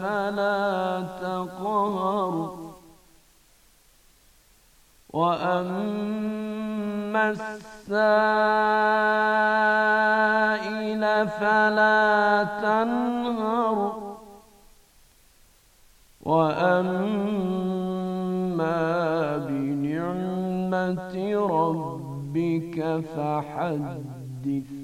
فلا تقهر وأما السائل فلا تنهر وأما بنعمة ربك فحدث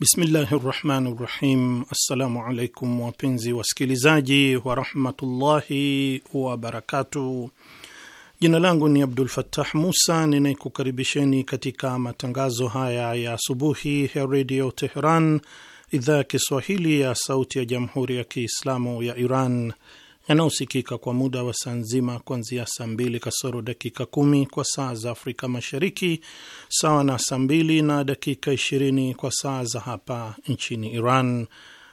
Bismillahi rahmani rahim. Assalamu alaikum wapenzi wasikilizaji warahmatullahi wabarakatuh. Jina langu ni Abdul Fattah Musa ninayekukaribisheni katika matangazo haya ya asubuhi ya Redio Teheran, idhaa ya Kiswahili ya sauti ya jamhuri ya Kiislamu ya Iran yanayosikika kwa muda wa saa nzima kuanzia saa mbili kasoro dakika kumi kwa saa za Afrika Mashariki, sawa na saa mbili na dakika ishirini kwa saa za hapa nchini Iran.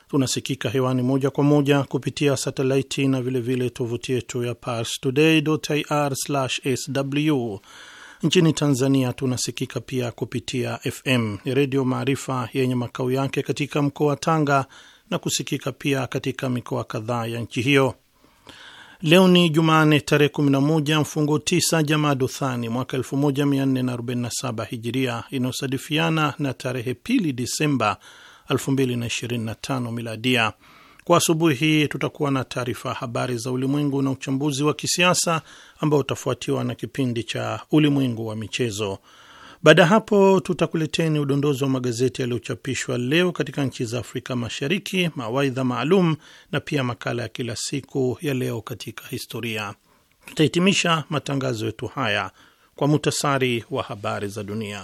Tunasikika hewani moja kwa moja kupitia satelaiti na vilevile tovuti yetu ya parstoday.ir/sw. Nchini Tanzania tunasikika pia kupitia FM ni Redio Maarifa yenye makao yake katika mkoa wa Tanga na kusikika pia katika mikoa kadhaa ya nchi hiyo. Leo ni Jumane tarehe 11 mfungo 9 Jamadu Thani mwaka 1447 Hijiria, inayosadifiana na tarehe pili Disemba 2025 Miladia. Kwa asubuhi hii tutakuwa na taarifa habari za ulimwengu na uchambuzi wa kisiasa ambao utafuatiwa na kipindi cha ulimwengu wa michezo. Baada ya hapo, tutakuleteni udondozi wa magazeti yaliyochapishwa leo katika nchi za Afrika Mashariki, mawaidha maalum na pia makala ya kila siku ya leo katika historia. Tutahitimisha matangazo yetu haya kwa muhtasari wa habari za dunia.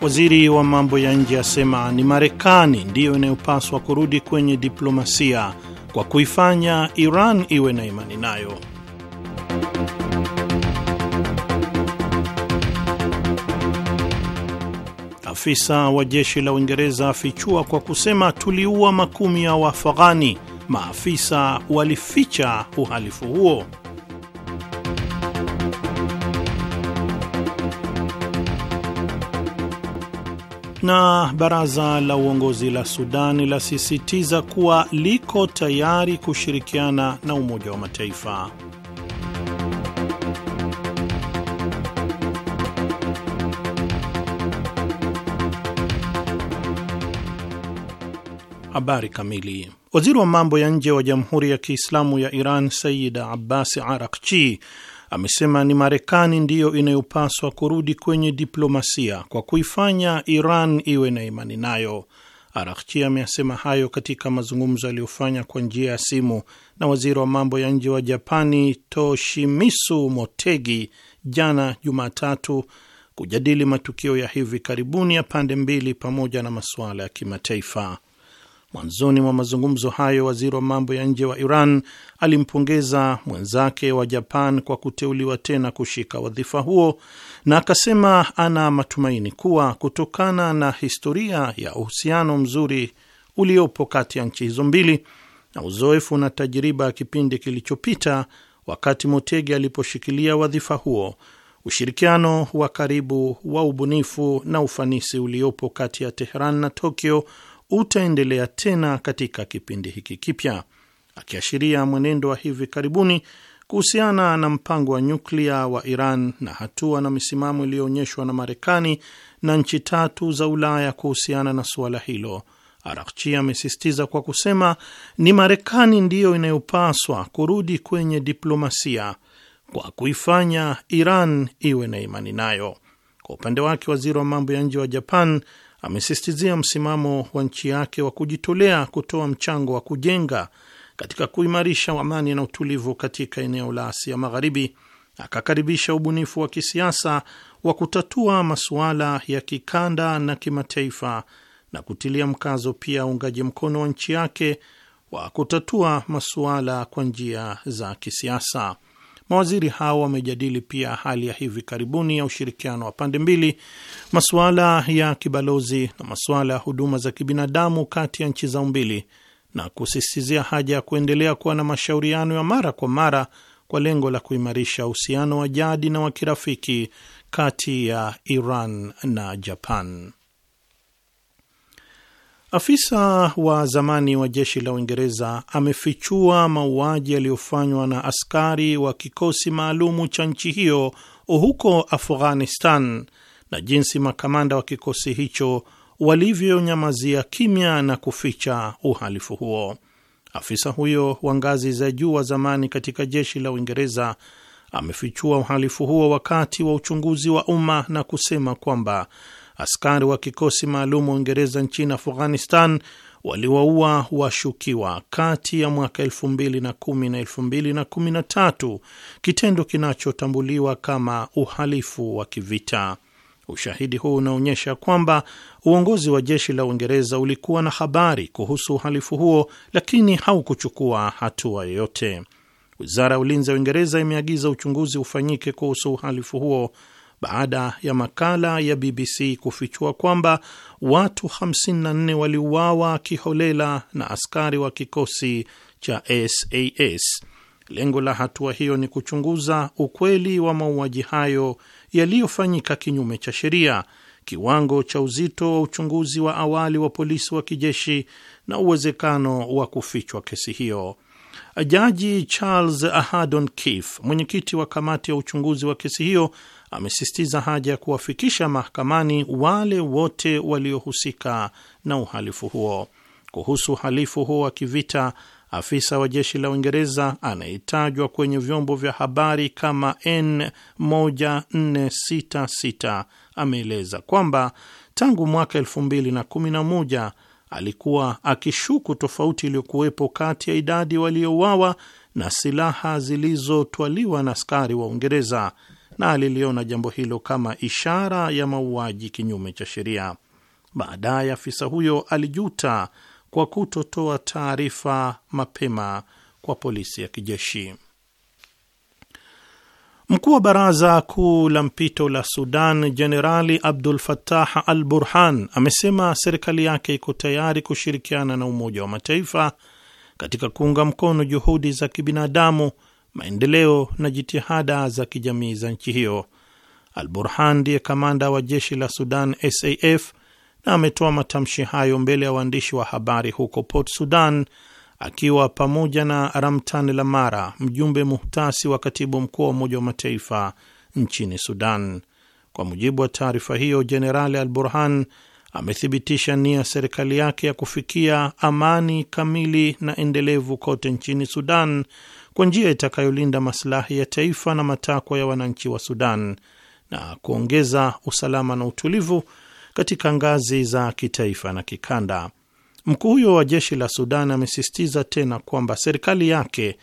Waziri wa mambo ya nje asema ni Marekani ndiyo inayopaswa kurudi kwenye diplomasia kwa kuifanya Iran iwe na imani nayo. Afisa wa jeshi la Uingereza afichua kwa kusema tuliua makumi ya Waafghani, maafisa walificha uhalifu huo. na baraza la uongozi la Sudani lasisitiza kuwa liko tayari kushirikiana na Umoja wa Mataifa. Habari kamili. Waziri wa mambo ya nje wa Jamhuri ya Kiislamu ya Iran Sayyid Abbas Arakchi amesema ni Marekani ndiyo inayopaswa kurudi kwenye diplomasia kwa kuifanya Iran iwe na imani nayo. Araghchi ameyasema hayo katika mazungumzo aliyofanya kwa njia ya simu na waziri wa mambo ya nje wa Japani Toshimitsu Motegi jana Jumatatu kujadili matukio ya hivi karibuni ya pande mbili pamoja na masuala ya kimataifa. Mwanzoni mwa mazungumzo hayo, waziri wa mambo ya nje wa Iran alimpongeza mwenzake wa Japan kwa kuteuliwa tena kushika wadhifa huo na akasema ana matumaini kuwa kutokana na historia ya uhusiano mzuri uliopo kati ya nchi hizo mbili na uzoefu na tajiriba ya kipindi kilichopita wakati Motegi aliposhikilia wadhifa huo, ushirikiano wa karibu wa ubunifu na ufanisi uliopo kati ya teheran na Tokyo utaendelea tena katika kipindi hiki kipya, akiashiria mwenendo wa hivi karibuni kuhusiana na mpango wa nyuklia wa Iran na hatua na misimamo iliyoonyeshwa na Marekani na nchi tatu za Ulaya kuhusiana na suala hilo. Arakchi amesisitiza kwa kusema ni Marekani ndiyo inayopaswa kurudi kwenye diplomasia kwa kuifanya Iran iwe na imani nayo. Kwa upande wake, waziri wa mambo ya nje wa Japan amesisitizia msimamo wa nchi yake wa kujitolea kutoa mchango wa kujenga katika kuimarisha amani na utulivu katika eneo la Asia Magharibi. Akakaribisha ubunifu wa kisiasa wa kutatua masuala ya kikanda na kimataifa na kutilia mkazo pia uungaji mkono wa nchi yake wa kutatua masuala kwa njia za kisiasa. Mawaziri hao wamejadili pia hali ya hivi karibuni ya ushirikiano wa pande mbili, masuala ya kibalozi na masuala ya huduma za kibinadamu kati ya nchi zao mbili, na kusisitizia haja ya kuendelea kuwa na mashauriano ya mara kwa mara kwa lengo la kuimarisha uhusiano wa jadi na wa kirafiki kati ya Iran na Japan. Afisa wa zamani wa jeshi la Uingereza amefichua mauaji yaliyofanywa na askari wa kikosi maalumu cha nchi hiyo huko Afghanistan na jinsi makamanda wa kikosi hicho walivyonyamazia kimya na kuficha uhalifu huo. Afisa huyo wa ngazi za juu wa zamani katika jeshi la Uingereza amefichua uhalifu huo wakati wa uchunguzi wa umma na kusema kwamba askari wa kikosi maalum wa Uingereza nchini Afghanistan waliwaua washukiwa kati ya mwaka mbili na tatu, kitendo kinachotambuliwa kama uhalifu wa kivita. Ushahidi huu unaonyesha kwamba uongozi wa jeshi la Uingereza ulikuwa na habari kuhusu uhalifu huo, lakini haukuchukua hatua yoyote. Wizara ya ulinzi ya Uingereza imeagiza uchunguzi ufanyike kuhusu uhalifu huo baada ya makala ya BBC kufichua kwamba watu 54 waliuawa kiholela na askari wa kikosi cha SAS. Lengo la hatua hiyo ni kuchunguza ukweli wa mauaji hayo yaliyofanyika kinyume cha sheria, kiwango cha uzito wa uchunguzi wa awali wa polisi wa kijeshi na uwezekano wa kufichwa kesi hiyo. Jaji Charles Ahadon Keefe, mwenyekiti wa kamati ya uchunguzi wa kesi hiyo, amesisitiza haja ya kuwafikisha mahakamani wale wote waliohusika na uhalifu huo. Kuhusu uhalifu huo wa kivita, afisa wa jeshi la Uingereza anayetajwa kwenye vyombo vya habari kama N1466 ameeleza kwamba tangu mwaka 2011 alikuwa akishuku tofauti iliyokuwepo kati ya idadi waliouawa na silaha zilizotwaliwa na askari wa Uingereza na aliliona jambo hilo kama ishara ya mauaji kinyume cha sheria. Baadaye afisa huyo alijuta kwa kutotoa taarifa mapema kwa polisi ya kijeshi. Mkuu wa baraza kuu la mpito la Sudan, Jenerali Abdul Fattah al Burhan, amesema serikali yake iko tayari kushirikiana na Umoja wa Mataifa katika kuunga mkono juhudi za kibinadamu maendeleo na jitihada za kijamii za nchi hiyo. Al Burhan ndiye kamanda wa jeshi la Sudan SAF na ametoa matamshi hayo mbele ya waandishi wa habari huko Port Sudan akiwa pamoja na Ramtan Lamara, mjumbe muhtasi wa katibu mkuu wa Umoja wa Mataifa nchini Sudan. Kwa mujibu wa taarifa hiyo, Jenerali Al Burhan amethibitisha nia serikali yake ya kufikia amani kamili na endelevu kote nchini Sudan kwa njia itakayolinda masilahi ya taifa na matakwa ya wananchi wa Sudan na kuongeza usalama na utulivu katika ngazi za kitaifa na kikanda. Mkuu huyo wa jeshi la Sudan amesisitiza tena kwamba serikali yake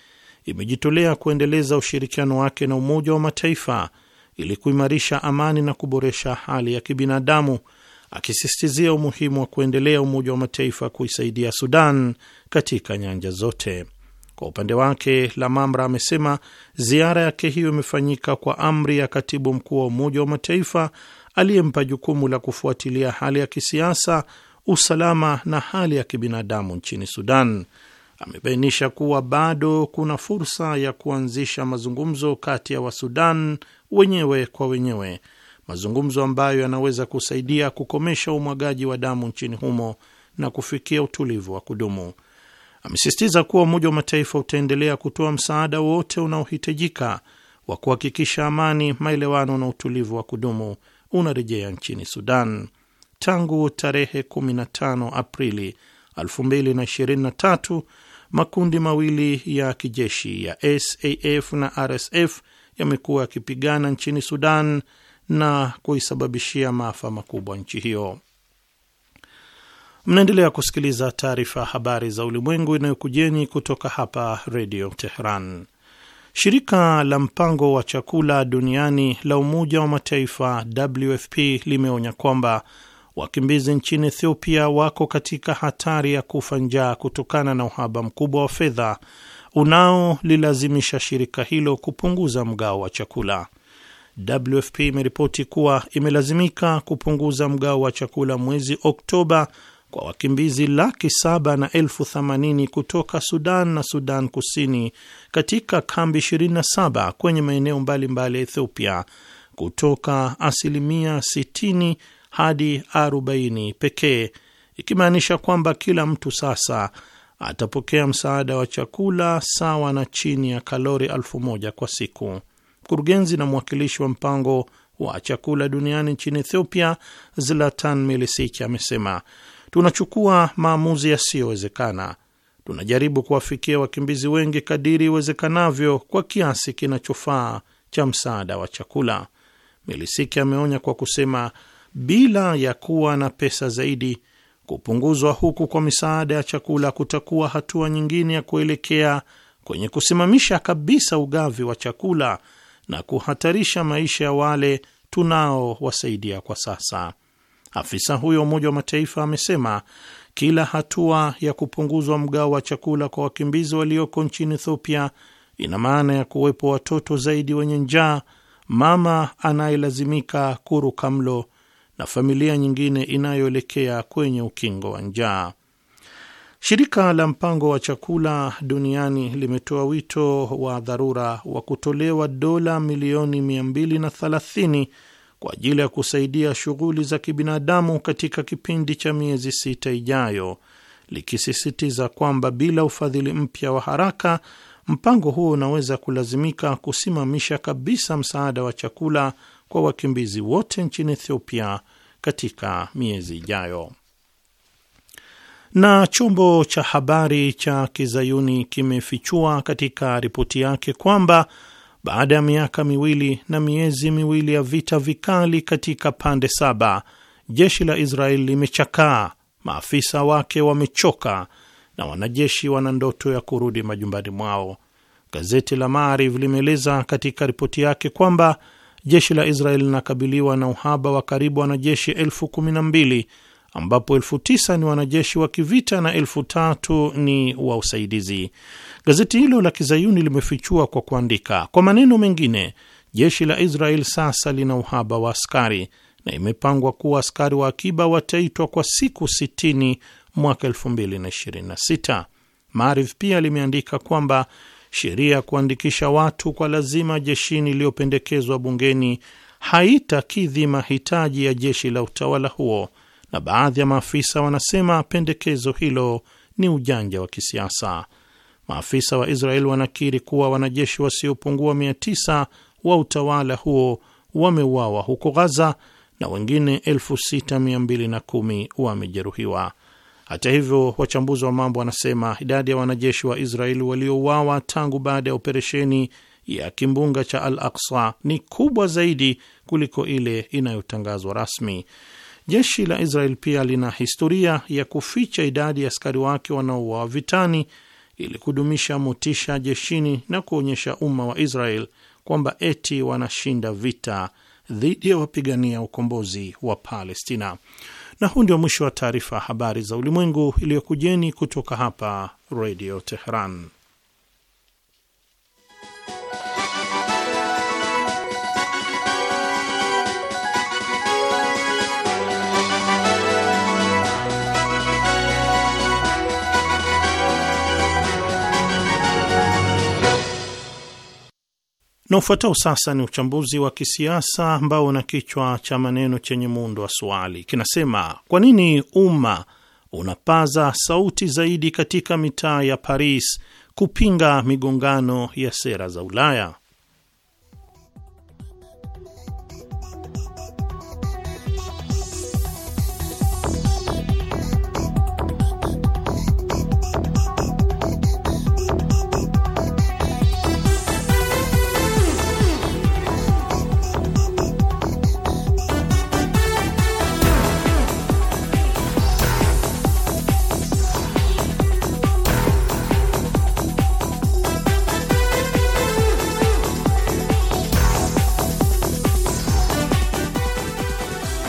imejitolea kuendeleza ushirikiano wake na Umoja wa Mataifa ili kuimarisha amani na kuboresha hali ya kibinadamu, akisisitizia umuhimu wa kuendelea Umoja wa Mataifa kuisaidia Sudan katika nyanja zote. Kwa upande wake, Lamamra amesema ziara yake hiyo imefanyika kwa amri ya katibu mkuu wa Umoja wa Mataifa aliyempa jukumu la kufuatilia hali ya kisiasa, usalama na hali ya kibinadamu nchini Sudan. Amebainisha kuwa bado kuna fursa ya kuanzisha mazungumzo kati ya Wasudan wenyewe kwa wenyewe, mazungumzo ambayo yanaweza kusaidia kukomesha umwagaji wa damu nchini humo na kufikia utulivu wa kudumu amesisitiza kuwa Umoja wa Mataifa utaendelea kutoa msaada wote unaohitajika wa kuhakikisha amani, maelewano na utulivu wa kudumu unarejea nchini Sudan. Tangu tarehe 15 Aprili 2023 makundi mawili ya kijeshi ya SAF na RSF yamekuwa yakipigana nchini Sudan na kuisababishia maafa makubwa nchi hiyo. Mnaendelea kusikiliza taarifa ya habari za ulimwengu inayokujeni kutoka hapa Redio Teheran. Shirika la mpango wa chakula duniani la Umoja wa Mataifa WFP limeonya kwamba wakimbizi nchini Ethiopia wako katika hatari ya kufa njaa kutokana na uhaba mkubwa wa fedha unaolilazimisha shirika hilo kupunguza mgao wa chakula. WFP imeripoti kuwa imelazimika kupunguza mgao wa chakula mwezi Oktoba kwa wakimbizi laki saba na elfu themanini kutoka Sudan na Sudan Kusini katika kambi 27 kwenye maeneo mbalimbali ya Ethiopia kutoka asilimia 60 hadi 40 pekee, ikimaanisha kwamba kila mtu sasa atapokea msaada wa chakula sawa na chini ya kalori elfu moja kwa siku. Mkurugenzi na mwakilishi wa mpango wa chakula duniani nchini Ethiopia, Zlatan Milisich, amesema tunachukua maamuzi yasiyowezekana. Tunajaribu kuwafikia wakimbizi wengi kadiri iwezekanavyo kwa kiasi kinachofaa cha msaada wa chakula. Milisiki ameonya kwa kusema, bila ya kuwa na pesa zaidi, kupunguzwa huku kwa misaada ya chakula kutakuwa hatua nyingine ya kuelekea kwenye kusimamisha kabisa ugavi wa chakula na kuhatarisha maisha ya wale tunaowasaidia kwa sasa. Afisa huyo wa Umoja wa Mataifa amesema kila hatua ya kupunguzwa mgao wa chakula kwa wakimbizi walioko nchini Ethiopia ina maana ya kuwepo watoto zaidi wenye njaa, mama anayelazimika kuruka mlo na familia nyingine inayoelekea kwenye ukingo wa njaa. Shirika la mpango wa chakula duniani limetoa wito wa dharura wa kutolewa dola milioni 230 kwa ajili ya kusaidia shughuli za kibinadamu katika kipindi cha miezi sita ijayo, likisisitiza kwamba bila ufadhili mpya wa haraka mpango huo unaweza kulazimika kusimamisha kabisa msaada wa chakula kwa wakimbizi wote nchini Ethiopia katika miezi ijayo. Na chombo cha habari cha kizayuni kimefichua katika ripoti yake kwamba baada ya miaka miwili na miezi miwili ya vita vikali katika pande saba, jeshi la israel limechakaa, maafisa wake wamechoka na wanajeshi wana ndoto ya kurudi majumbani mwao. Gazeti la Maariv limeeleza katika ripoti yake kwamba jeshi la israel linakabiliwa na uhaba wa karibu wanajeshi elfu kumi na mbili ambapo elfu tisa ni wanajeshi wa kivita na elfu tatu ni wa usaidizi. Gazeti hilo la kizayuni limefichua kwa kuandika, kwa maneno mengine, jeshi la Israel sasa lina uhaba wa askari na imepangwa kuwa askari wa akiba wataitwa kwa siku 60 mwaka 2026. Maarif pia limeandika kwamba sheria ya kuandikisha watu kwa lazima jeshini iliyopendekezwa bungeni haitakidhi mahitaji ya jeshi la utawala huo, na baadhi ya maafisa wanasema pendekezo hilo ni ujanja wa kisiasa. Maafisa wa Israel wanakiri kuwa wanajeshi wasiopungua tisa wa utawala huo wameuawa huko Ghaza na wengine kumi wamejeruhiwa. Hata hivyo, wachambuzi wa mambo wanasema idadi ya wanajeshi wa Israeli waliouawa tangu baada ya operesheni ya kimbunga cha Al aksa ni kubwa zaidi kuliko ile inayotangazwa rasmi. Jeshi la Israel pia lina historia ya kuficha idadi ya askari wake wanaouawa vitani ili kudumisha motisha jeshini na kuonyesha umma wa Israel kwamba eti wanashinda vita dhidi ya wapigania ukombozi wa Palestina. Na huu ndio mwisho wa taarifa ya habari za ulimwengu iliyokujeni kutoka hapa Redio Teheran. Na ufuatao sasa ni uchambuzi wa kisiasa ambao una kichwa cha maneno chenye muundo wa swali, kinasema kwa nini umma unapaza sauti zaidi katika mitaa ya Paris kupinga migongano ya sera za Ulaya?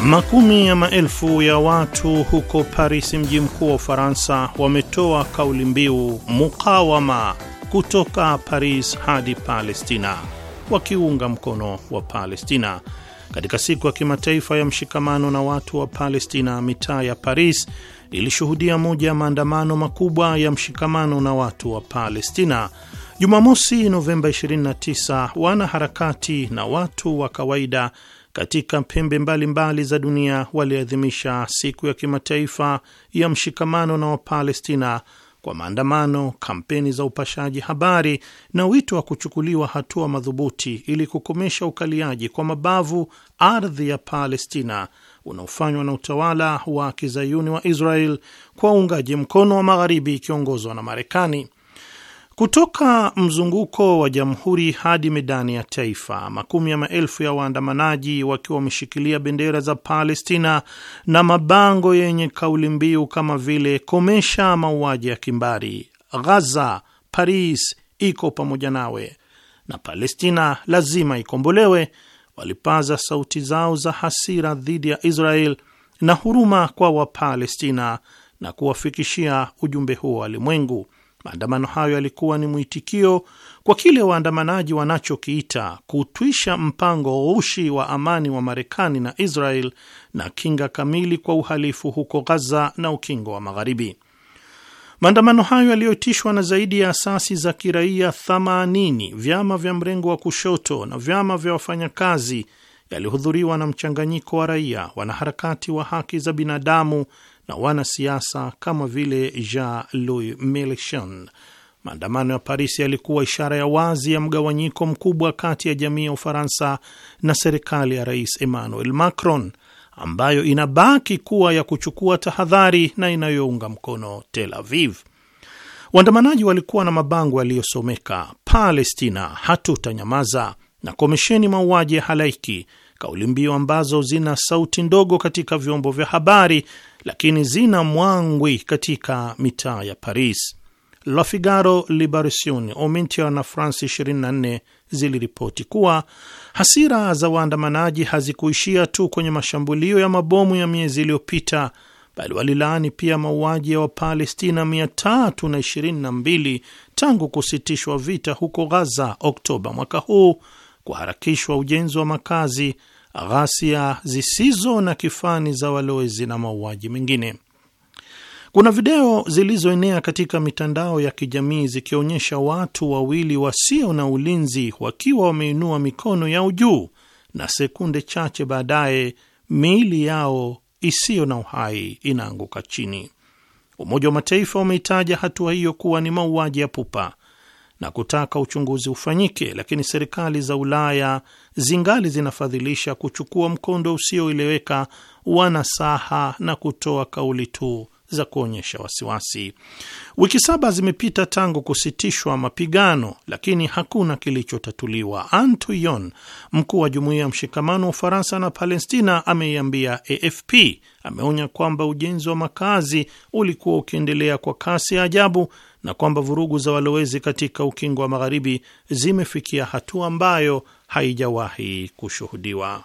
Makumi ya maelfu ya watu huko Paris, mji mkuu wa Ufaransa, wametoa kauli mbiu mukawama kutoka Paris hadi Palestina, wakiunga mkono wa Palestina katika siku ya kimataifa ya mshikamano na watu wa Palestina. Mitaa ya Paris ilishuhudia moja ya maandamano makubwa ya mshikamano na watu wa Palestina Jumamosi, Novemba 29. Wanaharakati na watu wa kawaida katika pembe mbalimbali mbali za dunia waliadhimisha siku ya kimataifa ya mshikamano na Wapalestina kwa maandamano, kampeni za upashaji habari na wito wa kuchukuliwa hatua madhubuti ili kukomesha ukaliaji kwa mabavu ardhi ya Palestina unaofanywa na utawala wa kizayuni wa Israel kwa uungaji mkono wa Magharibi ikiongozwa na Marekani. Kutoka mzunguko wa Jamhuri hadi medani ya Taifa, makumi ya maelfu ya waandamanaji wakiwa wameshikilia bendera za Palestina na mabango yenye kauli mbiu kama vile komesha mauaji ya kimbari, Ghaza, Paris iko pamoja nawe na Palestina lazima ikombolewe, walipaza sauti zao za hasira dhidi ya Israel na huruma kwa Wapalestina na kuwafikishia ujumbe huo walimwengu. Maandamano hayo yalikuwa ni mwitikio kwa kile waandamanaji wanachokiita kutwisha mpango ushi wa amani wa Marekani na Israel na kinga kamili kwa uhalifu huko Ghaza na Ukingo wa Magharibi. Maandamano hayo yaliyoitishwa na zaidi ya asasi za kiraia 80, vyama vya mrengo wa kushoto na vyama vya wafanyakazi, yalihudhuriwa na mchanganyiko wa raia, wanaharakati wa haki za binadamu na wanasiasa kama vile Jean-Louis Mélenchon. Maandamano ya Paris yalikuwa ishara ya wazi ya mgawanyiko mkubwa kati ya jamii ya Ufaransa na serikali ya Rais Emmanuel Macron ambayo inabaki kuwa ya kuchukua tahadhari na inayounga mkono Tel Aviv. Waandamanaji walikuwa na mabango yaliyosomeka Palestina hatutanyamaza na komesheni mauaji ya halaiki kauli mbiu ambazo zina sauti ndogo katika vyombo vya habari lakini zina mwangwi katika mitaa ya Paris. La Figaro, Liberation, Omintia na France 24 ziliripoti kuwa hasira za waandamanaji hazikuishia tu kwenye mashambulio ya mabomu ya miezi iliyopita, bali walilaani pia mauaji ya Wapalestina 322 tangu kusitishwa vita huko Ghaza Oktoba mwaka huu kuharakishwa ujenzi wa makazi, ghasia zisizo na kifani za walowezi na mauaji mengine. Kuna video zilizoenea katika mitandao ya kijamii zikionyesha watu wawili wasio na ulinzi wakiwa wameinua mikono yao juu na sekunde chache baadaye miili yao isiyo na uhai inaanguka chini. Umoja wa Mataifa umeitaja hatua hiyo kuwa ni mauaji ya pupa na kutaka uchunguzi ufanyike, lakini serikali za Ulaya zingali zinafadhilisha kuchukua mkondo usioeleweka wa nasaha na kutoa kauli tu za kuonyesha wasiwasi. Wiki saba zimepita tangu kusitishwa mapigano, lakini hakuna kilichotatuliwa. Antoyon, mkuu wa jumuiya ya mshikamano wa Ufaransa na Palestina, ameiambia AFP, ameonya kwamba ujenzi wa makazi ulikuwa ukiendelea kwa kasi ya ajabu na kwamba vurugu za walowezi katika ukingo wa magharibi zimefikia hatua ambayo haijawahi kushuhudiwa.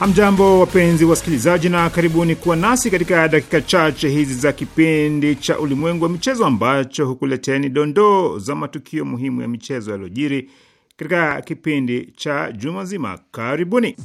Hamjambo, wapenzi wasikilizaji, na karibuni kuwa nasi katika dakika chache hizi za kipindi cha Ulimwengu wa Michezo ambacho hukuleteni dondoo za matukio muhimu ya michezo yaliyojiri katika kipindi cha juma zima. Karibuni.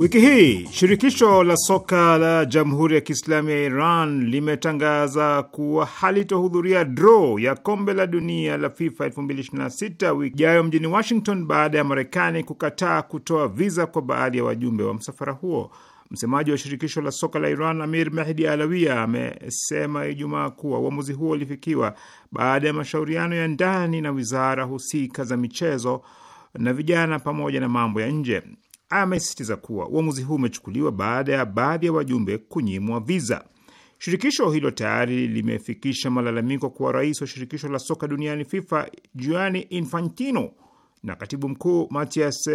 Wiki hii shirikisho la soka la Jamhuri ya Kiislamu ya Iran limetangaza kuwa halitohudhuria draw ya kombe la dunia la FIFA 2026 wiki ijayo mjini Washington baada ya Marekani kukataa kutoa viza kwa baadhi ya wajumbe wa msafara huo. Msemaji wa shirikisho la soka la Iran Amir Mehdi Alawia amesema Ijumaa kuwa uamuzi huo ulifikiwa baada ya mashauriano ya ndani na wizara husika za michezo na vijana pamoja na mambo ya nje amesisitiza kuwa uamuzi huu umechukuliwa baada ya baadhi ya wajumbe kunyimwa viza. Shirikisho hilo tayari limefikisha malalamiko kwa rais wa shirikisho la soka duniani FIFA Gianni Infantino na katibu mkuu Matthias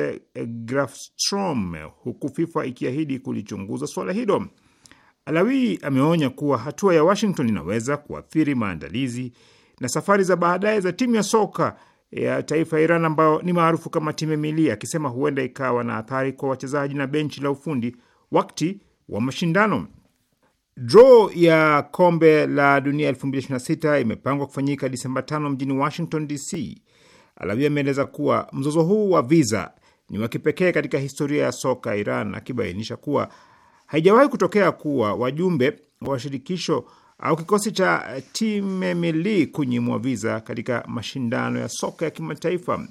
Grafstrom, huku FIFA ikiahidi kulichunguza suala hilo. Alawi ameonya kuwa hatua ya Washington inaweza kuathiri maandalizi na safari za baadaye za timu ya soka ya taifa ya Iran ambayo ni maarufu kama timu milia, akisema huenda ikawa na athari kwa wachezaji na benchi la ufundi wakati wa mashindano. Draw ya kombe la dunia 2026 imepangwa kufanyika Disemba 5 mjini Washington DC. Alavia ameeleza kuwa mzozo huu wa visa ni wa kipekee katika historia ya soka Iran, akibainisha kuwa haijawahi kutokea kuwa wajumbe wa shirikisho au kikosi cha Timemili kunyimwa viza katika mashindano ya soka ya kimataifa.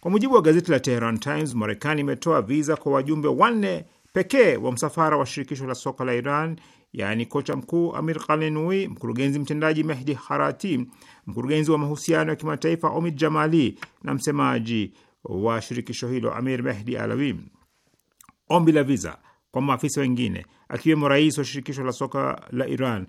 Kwa mujibu wa gazeti la Teheran Times, Marekani imetoa viza kwa wajumbe wanne pekee wa msafara wa shirikisho la soka la Iran, yaani kocha mkuu Amir Kalenui, mkurugenzi mtendaji Mehdi Harati, mkurugenzi wa mahusiano ya kimataifa Omid Jamali na msemaji wa shirikisho hilo Amir Mehdi Alawi. Ombi la viza kwa maafisa wengine akiwemo rais wa shirikisho la soka la Iran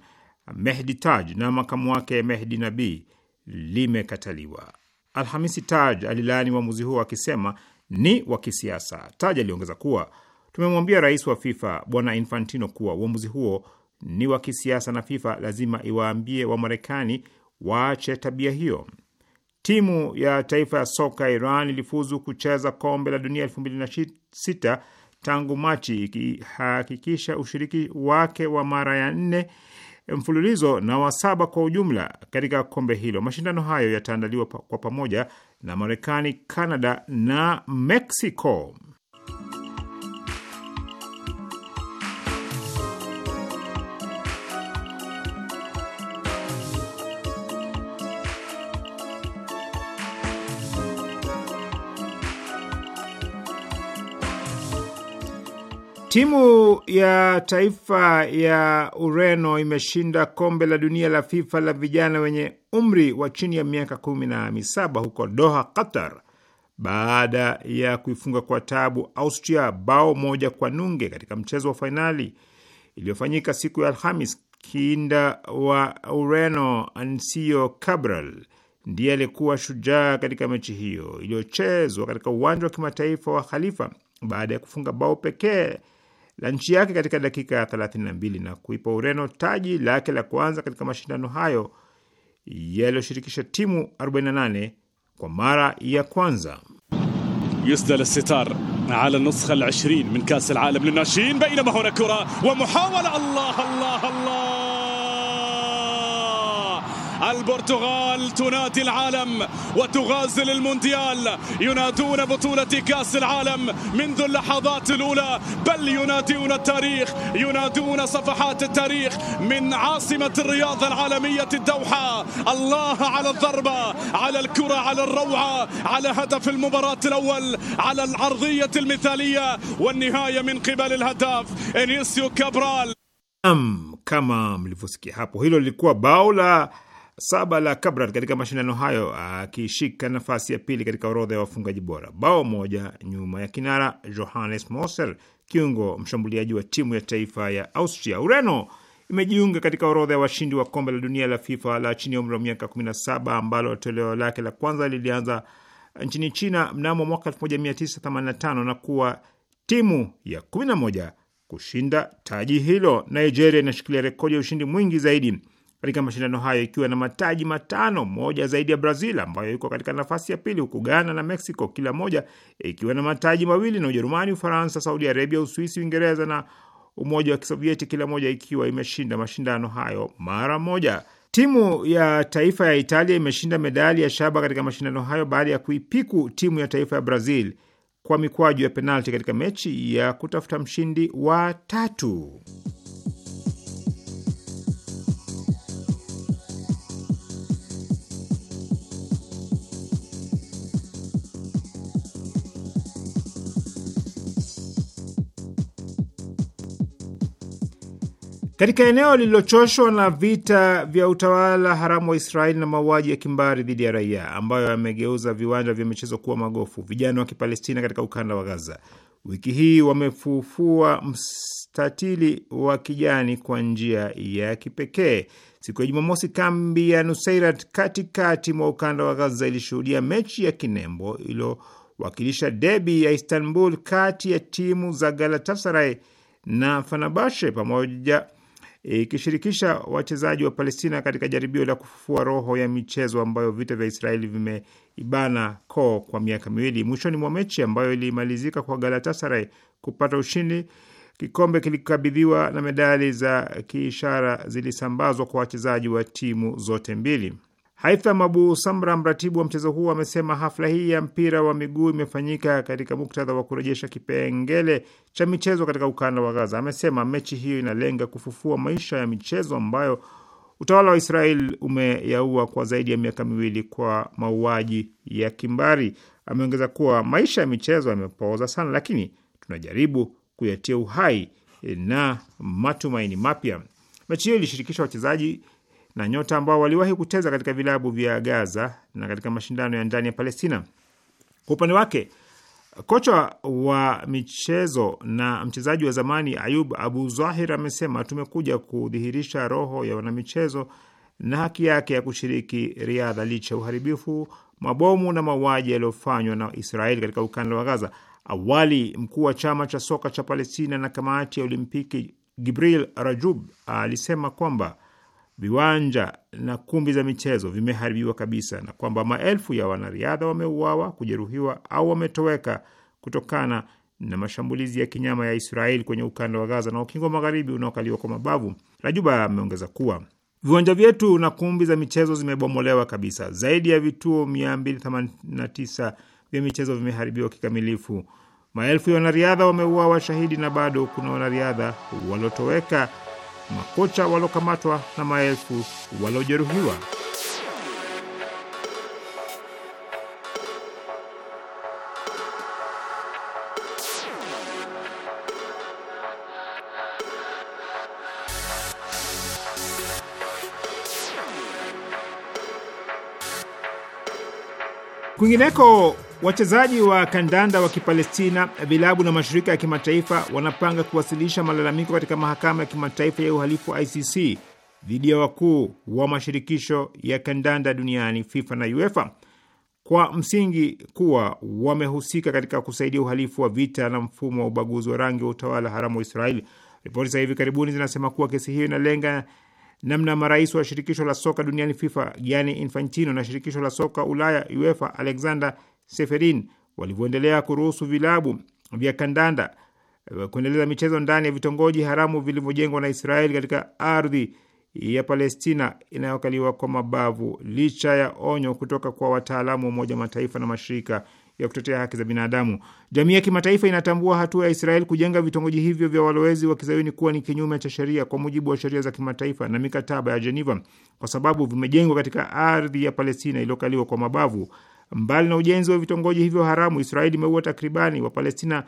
Mehdi Taj na makamu wake Mehdi nabi limekataliwa. Alhamisi, Taj alilaani uamuzi huo akisema ni wa kisiasa. Taj aliongeza kuwa tumemwambia rais wa FIFA Bwana Infantino kuwa uamuzi huo ni wa kisiasa na FIFA lazima iwaambie Wamarekani waache tabia hiyo. Timu ya taifa ya soka ya Iran ilifuzu kucheza kombe la dunia 2006 tangu Machi, ikihakikisha ushiriki wake wa mara ya nne mfululizo na wa saba kwa ujumla katika kombe hilo. Mashindano hayo yataandaliwa kwa pamoja na Marekani, Kanada na Mexico. Timu ya taifa ya Ureno imeshinda kombe la dunia la FIFA la vijana wenye umri wa chini ya miaka kumi na misaba huko Doha, Qatar, baada ya kuifunga kwa tabu Austria bao moja kwa nunge katika mchezo wa fainali iliyofanyika siku ya Alhamis. Kinda wa Ureno ansio Cabral ndiye alikuwa shujaa katika mechi hiyo iliyochezwa katika uwanja wa kimataifa wa Khalifa baada ya kufunga bao pekee la nchi yake katika dakika ya 32 na kuipa Ureno taji lake la kwanza katika mashindano hayo yaliyoshirikisha timu 48 kwa mara ya kwanza. Yusdal sitar ala nuskha al 20 min kas al alam linashin bainama huna kura wa muhawala Allah Allah البرتغال تنادي العالم وتغازل المونديال ينادون بطولة كأس العالم منذ اللحظات الأولى بل ينادون التاريخ ينادون صفحات التاريخ من عاصمة الرياضة العالمية الدوحة الله على الضربة على الكرة على الروعة على هدف المباراة الأول على العرضية المثالية والنهاية من قبل الهداف إنيسيو كابرال أم كما ملفوسكي هابو هيلو اللي كوا باولا saba la Kabrat katika mashindano hayo akishika nafasi ya pili katika orodha ya wafungaji bora, bao moja nyuma ya kinara Johannes Moser, kiungo mshambuliaji wa timu ya taifa ya Austria. Ureno imejiunga katika orodha ya washindi wa kombe la dunia la FIFA la chini ya umri wa miaka 17 ambalo toleo lake la kwanza lilianza nchini China mnamo mwaka 1985 na kuwa timu ya 11 kushinda taji hilo. Nigeria inashikilia rekodi ya ushindi mwingi zaidi katika mashindano hayo ikiwa na mataji matano, moja zaidi ya Brazil ambayo iko katika nafasi ya pili, huku Ghana na Mexico kila moja ikiwa na mataji mawili na Ujerumani, Ufaransa, Saudi Arabia, Uswisi, Uingereza na Umoja wa Kisovieti kila moja ikiwa imeshinda mashindano hayo mara moja. Timu ya taifa ya Italia imeshinda medali ya shaba katika mashindano hayo baada ya kuipiku timu ya taifa ya Brazil kwa mikwaju ya penalti katika mechi ya kutafuta mshindi wa tatu. katika eneo lililochoshwa na vita vya utawala haramu wa Israeli na mauaji ya kimbari dhidi ya raia ambayo yamegeuza viwanja vya michezo kuwa magofu. Vijana wa Kipalestina katika ukanda wa Gaza wiki hii wamefufua mstatili wa kijani kwa njia ya kipekee. Siku ya Jumamosi, kambi ya Nusairat katikati mwa ukanda wa Gaza ilishuhudia mechi ya kinembo iliyowakilisha debi ya Istanbul kati ya timu za Galatasaray na Fenerbahce pamoja ikishirikisha wachezaji wa Palestina katika jaribio la kufufua roho ya michezo ambayo vita vya Israeli vimeibana ko kwa miaka miwili. Mwishoni mwa mechi ambayo ilimalizika kwa Galatasaray kupata ushindi, kikombe kilikabidhiwa na medali za kiishara zilisambazwa kwa wachezaji wa timu zote mbili. Haitham Abu Samra, mratibu wa mchezo huu, amesema hafla hii ya mpira wa miguu imefanyika katika muktadha wa kurejesha kipengele cha michezo katika ukanda wa Gaza. Amesema mechi hiyo inalenga kufufua maisha ya michezo ambayo utawala wa Israel umeyaua kwa zaidi ya miaka miwili kwa mauaji ya kimbari. Ameongeza kuwa maisha ya michezo yamepooza sana, lakini tunajaribu kuyatia uhai na matumaini mapya. Mechi hiyo ilishirikisha wachezaji na nyota ambao waliwahi kucheza katika vilabu vya Gaza na katika mashindano ya ndani ya Palestina. Kwa upande wake, kocha wa michezo na mchezaji wa zamani Ayub Abu Zahir amesema, tumekuja kudhihirisha roho ya wanamichezo na haki yake ya kushiriki riadha licha ya uharibifu, mabomu na mauaji yaliyofanywa na Israeli katika ukanda wa Gaza. Awali mkuu wa chama cha soka cha Palestina na kamati ya Olimpiki Gibril Rajub alisema kwamba viwanja na kumbi za michezo vimeharibiwa kabisa na kwamba maelfu ya wanariadha wameuawa, kujeruhiwa au wametoweka kutokana na mashambulizi ya kinyama ya Israeli kwenye ukanda wa Gaza na ukingo magharibi unaokaliwa kwa mabavu. Rajuba ameongeza kuwa viwanja vyetu na kumbi za michezo zimebomolewa kabisa. Zaidi ya vituo 289 vya michezo vimeharibiwa kikamilifu. Maelfu ya wanariadha wameuawa shahidi na bado kuna wanariadha waliotoweka makocha waliokamatwa na maelfu waliojeruhiwa. Kwingineko, Wachezaji wa kandanda wa Kipalestina, vilabu na mashirika ya kimataifa wanapanga kuwasilisha malalamiko katika mahakama ya kimataifa ya uhalifu ICC dhidi ya wakuu wa mashirikisho ya kandanda duniani FIFA na UEFA kwa msingi kuwa wamehusika katika kusaidia uhalifu wa vita na mfumo wa ubaguzi wa rangi wa utawala haramu wa Israeli. Ripoti za hivi karibuni zinasema kuwa kesi hiyo inalenga namna marais wa shirikisho la soka duniani FIFA yani Infantino na shirikisho la soka Ulaya UEFA Alexander Seferin walivyoendelea kuruhusu vilabu vya kandanda eh, kuendeleza michezo ndani ya vitongoji haramu vilivyojengwa na Israeli katika ardhi ya Palestina inayokaliwa kwa mabavu licha ya onyo kutoka kwa wataalamu wa Umoja Mataifa na mashirika ya kutetea haki za binadamu. Jamii ya kimataifa inatambua hatua ya Israeli kujenga vitongoji hivyo vya walowezi wa kizayuni kuwa ni kinyume cha sheria kwa mujibu wa sheria za kimataifa na mikataba ya Geneva, kwa sababu vimejengwa katika ardhi ya Palestina iliyokaliwa kwa mabavu. Mbali na ujenzi wa vitongoji hivyo haramu, Israeli imeua takribani Wapalestina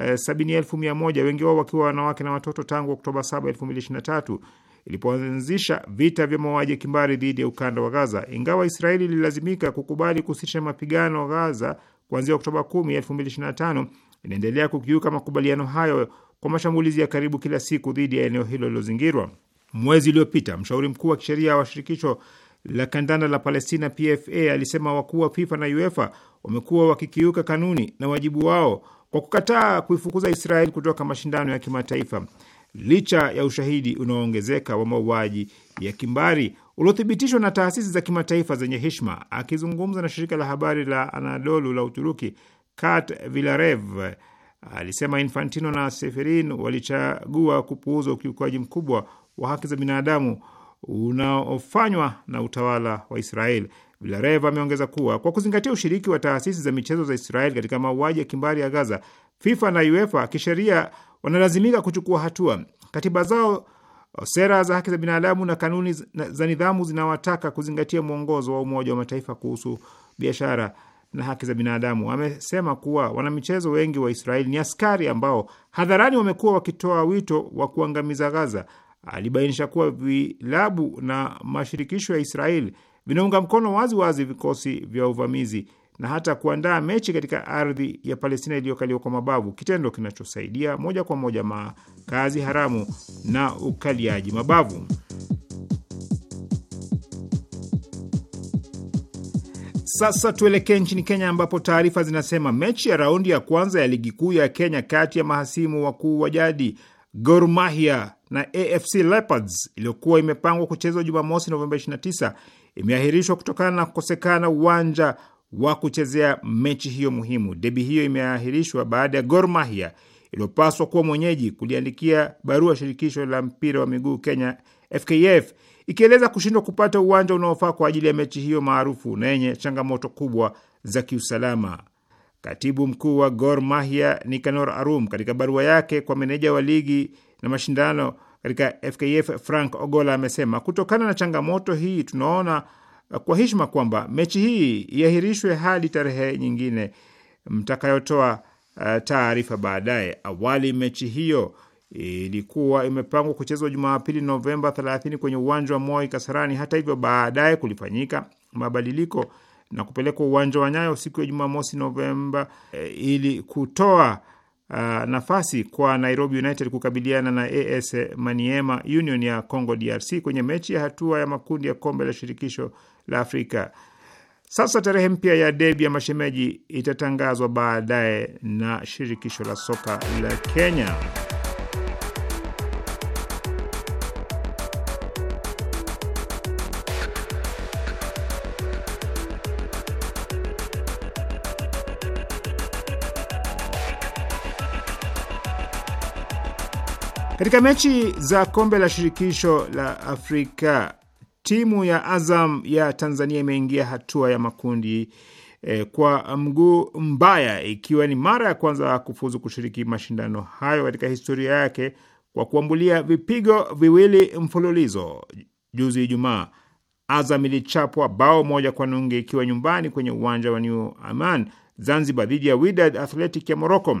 eh, sabini elfu mia moja, wengi wao wakiwa wanawake na watoto tangu Oktoba 7, 2023 ilipoanzisha vita vya mauaji kimbari dhidi ya ukanda wa Gaza. Ingawa Israeli ililazimika kukubali kusitisha mapigano Gaza kuanzia Oktoba 10, 2025, inaendelea kukiuka makubaliano hayo kwa mashambulizi ya karibu kila siku dhidi ya eneo hilo lilozingirwa. Mwezi uliopita mshauri mkuu wa kisheria wa shirikisho la kandanda la Palestina PFA alisema wakuu wa FIFA na UEFA wamekuwa wakikiuka kanuni na wajibu wao kwa kukataa kuifukuza Israel kutoka mashindano ya kimataifa licha ya ushahidi unaoongezeka wa mauaji ya kimbari uliothibitishwa na taasisi za kimataifa zenye heshima. Akizungumza na shirika la habari la Anadolu la Uturuki, Kat Vilarev alisema Infantino na Seferin walichagua kupuuza ukiukaji mkubwa wa haki za binadamu unaofanywa na utawala wa Israel. Vilarev ameongeza kuwa kwa kuzingatia ushiriki wa taasisi za michezo za Israel katika mauaji ya kimbari ya Gaza, FIFA na UEFA kisheria wanalazimika kuchukua hatua. Katiba zao, sera za haki za binadamu na kanuni za nidhamu zinawataka kuzingatia mwongozo wa Umoja wa Mataifa kuhusu biashara na haki za binadamu. Amesema kuwa wanamichezo wengi wa Israeli ni askari ambao hadharani wamekuwa wakitoa wito wa kuangamiza Gaza alibainisha kuwa vilabu na mashirikisho ya Israel vinaunga mkono wazi wazi vikosi vya uvamizi na hata kuandaa mechi katika ardhi ya Palestina iliyokaliwa kwa mabavu, kitendo kinachosaidia moja kwa moja makazi haramu na ukaliaji mabavu. Sasa tuelekee nchini Kenya ambapo taarifa zinasema mechi ya raundi ya kwanza ya ligi kuu ya Kenya kati ya mahasimu wakuu wa jadi Gor Mahia na AFC Leopards iliyokuwa imepangwa kuchezwa Jumamosi Novemba 29 imeahirishwa kutokana na kukosekana uwanja wa kuchezea mechi hiyo muhimu. Debi hiyo imeahirishwa baada ya Gor Mahia iliyopaswa kuwa mwenyeji kuliandikia barua shirikisho la mpira wa miguu Kenya FKF ikieleza kushindwa kupata uwanja unaofaa kwa ajili ya mechi hiyo maarufu na yenye changamoto kubwa za kiusalama. Katibu mkuu wa Gor Mahia Nicanor Arum, katika barua yake kwa meneja wa ligi na mashindano katika FKF Frank Ogola amesema kutokana na changamoto hii tunaona eh, kwa heshima kwamba mechi hii iahirishwe hadi tarehe nyingine mtakayotoa uh, taarifa baadaye. Awali mechi hiyo ilikuwa imepangwa kuchezwa Jumapili Novemba 30 kwenye uwanja wa Moi Kasarani. Hata hivyo, baadaye kulifanyika mabadiliko na kupelekwa uwanja wa Nyayo siku ya Jumamosi Novemba eh, ili kutoa uh, nafasi kwa Nairobi United kukabiliana na AS Maniema Union ya Congo DRC kwenye mechi ya hatua ya makundi ya kombe la shirikisho la Afrika. Sasa tarehe mpya ya debi ya mashemeji itatangazwa baadaye na shirikisho la soka la Kenya. Katika mechi za kombe la shirikisho la Afrika, timu ya Azam ya Tanzania imeingia hatua ya makundi e, kwa mguu mbaya, ikiwa ni mara ya kwanza kufuzu kushiriki mashindano hayo katika historia yake kwa kuambulia vipigo viwili mfululizo. Juzi Ijumaa, Azam ilichapwa bao moja kwa nunge ikiwa nyumbani kwenye uwanja wa New Aman Zanzibar dhidi ya Wydad Athletic ya Morocco.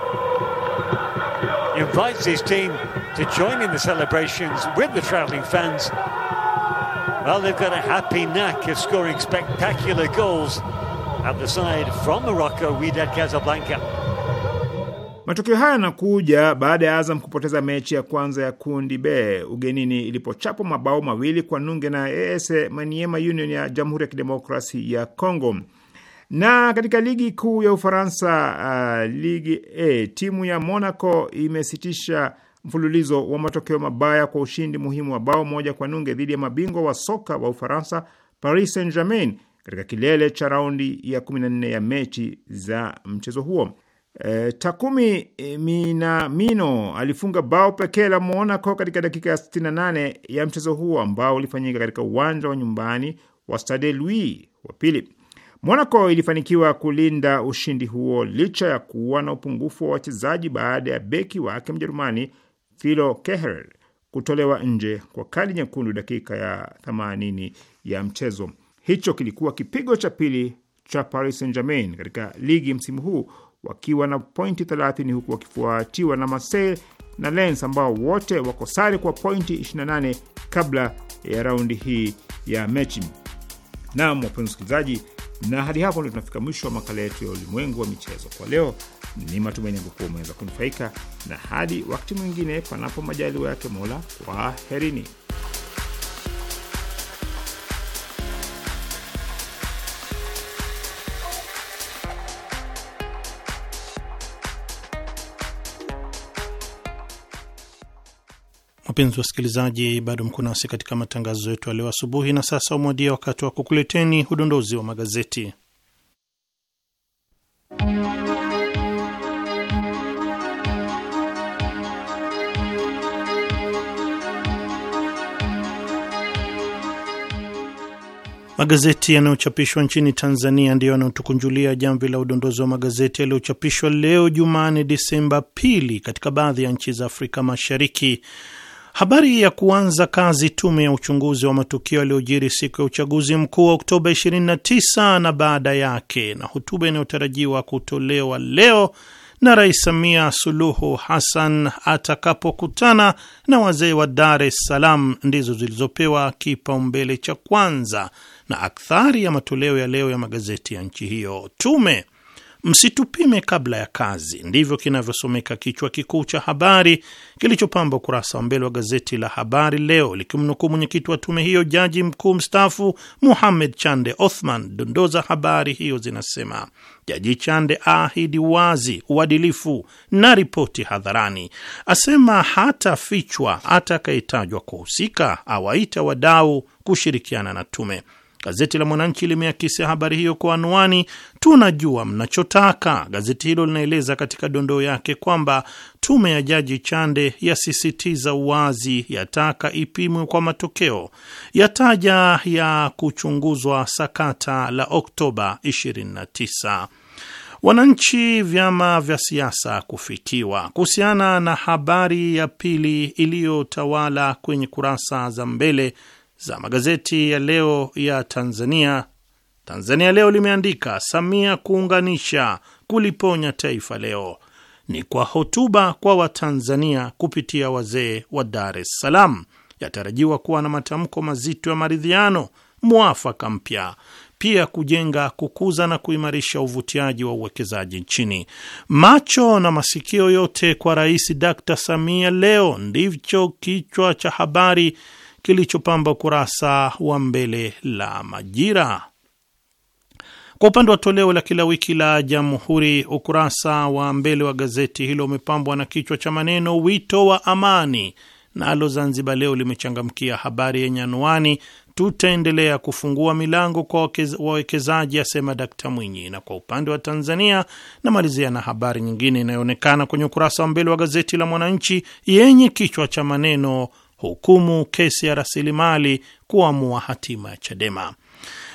invites his team to join in the celebrations with the travelling fans. Well, they've got a happy knack of scoring spectacular goals at the side from Morocco, Wydad Casablanca. Matokeo haya yanakuja baada ya Azam kupoteza mechi ya kwanza ya kundi B ugenini ilipochapwa mabao mawili kwa nunge na AS Maniema Union ya Jamhuri ya Kidemokrasi ya Kongo. Na katika ligi kuu ya Ufaransa, uh, ligi A, timu ya Monaco imesitisha mfululizo wa matokeo mabaya kwa ushindi muhimu wa bao moja kwa nunge dhidi ya mabingwa wa soka wa Ufaransa Paris Saint-Germain katika kilele cha raundi ya 14 ya mechi za mchezo huo. E, Takumi eh, Minamino alifunga bao pekee la Monaco katika dakika ya 68 ya mchezo huo ambao ulifanyika katika uwanja wa nyumbani wa Stade Louis wa pili. Monaco ilifanikiwa kulinda ushindi huo licha ya kuwa na upungufu wa wachezaji baada ya beki wake Mjerumani Philo Kehrer kutolewa nje kwa kadi nyekundu dakika ya 80 ya mchezo. Hicho kilikuwa kipigo cha pili cha Paris Saint-Germain katika ligi msimu huu wakiwa na pointi 30 huku wakifuatiwa na Marseille na Lens ambao wote wako sare kwa pointi 28 kabla ya raundi hii ya mechi. Naam, wapenzi wasikilizaji na hadi hapo ndio tunafika mwisho wa makala yetu ya ulimwengu wa michezo kwa leo. Ni matumaini yangu kuwa umeweza kunufaika, na hadi wakati mwingine, panapo majaliwa yake Mola, kwaherini. Wapenzi wasikilizaji, bado mko nasi katika matangazo yetu ya leo asubuhi, na sasa umewadia wakati wa kukuleteni udondozi wa magazeti. Magazeti yanayochapishwa nchini Tanzania ndiyo yanayotukunjulia jamvi la udondozi wa magazeti yaliyochapishwa leo jumane Disemba pili, katika baadhi ya nchi za Afrika Mashariki Habari ya kuanza kazi tume ya uchunguzi wa matukio yaliyojiri siku ya uchaguzi mkuu wa Oktoba 29 na baada yake na hotuba inayotarajiwa kutolewa leo na Rais Samia Suluhu Hassan atakapokutana na wazee wa Dar es Salaam ndizo zilizopewa kipaumbele cha kwanza na akthari ya matoleo ya leo ya magazeti ya nchi hiyo. Tume msitupime kabla ya kazi, ndivyo kinavyosomeka kichwa kikuu cha habari kilichopamba ukurasa wa mbele wa gazeti la Habari Leo, likimnukuu mwenyekiti wa tume hiyo, jaji mkuu mstaafu Muhamed Chande Othman. Dondoo za habari hiyo zinasema Jaji Chande aahidi wazi, uadilifu na ripoti hadharani, asema hatafichwa atakayetajwa kuhusika, awaita wadau kushirikiana na tume Gazeti la Mwananchi limeakisi habari hiyo kwa anwani, tunajua mnachotaka. Gazeti hilo linaeleza katika dondoo yake kwamba tume ya Jaji Chande yasisitiza uwazi, yataka ipimwe kwa matokeo, yataja ya kuchunguzwa sakata la Oktoba 29 wananchi vyama vya siasa kufikiwa. Kuhusiana na habari ya pili iliyotawala kwenye kurasa za mbele za magazeti ya leo ya Tanzania. Tanzania Leo limeandika Samia kuunganisha kuliponya taifa. Leo ni kwa hotuba kwa Watanzania kupitia wazee wa Dar es Salaam, yatarajiwa kuwa na matamko mazito ya maridhiano, mwafaka mpya pia kujenga, kukuza na kuimarisha uvutiaji wa uwekezaji nchini. Macho na masikio yote kwa Rais Dr Samia leo, ndicho kichwa cha habari kilichopamba ukurasa wa mbele la Majira. Kwa upande wa toleo la kila wiki la Jamhuri, ukurasa wa mbele wa gazeti hilo umepambwa na kichwa cha maneno wito wa amani, nalo na Zanzibar Leo limechangamkia habari yenye anwani tutaendelea kufungua milango kwa wawekezaji, asema Dkt Mwinyi. Na kwa upande wa Tanzania, namalizia na habari nyingine inayoonekana kwenye ukurasa wa mbele wa gazeti la Mwananchi yenye kichwa cha maneno hukumu kesi ya rasilimali kuamua hatima ya Chadema.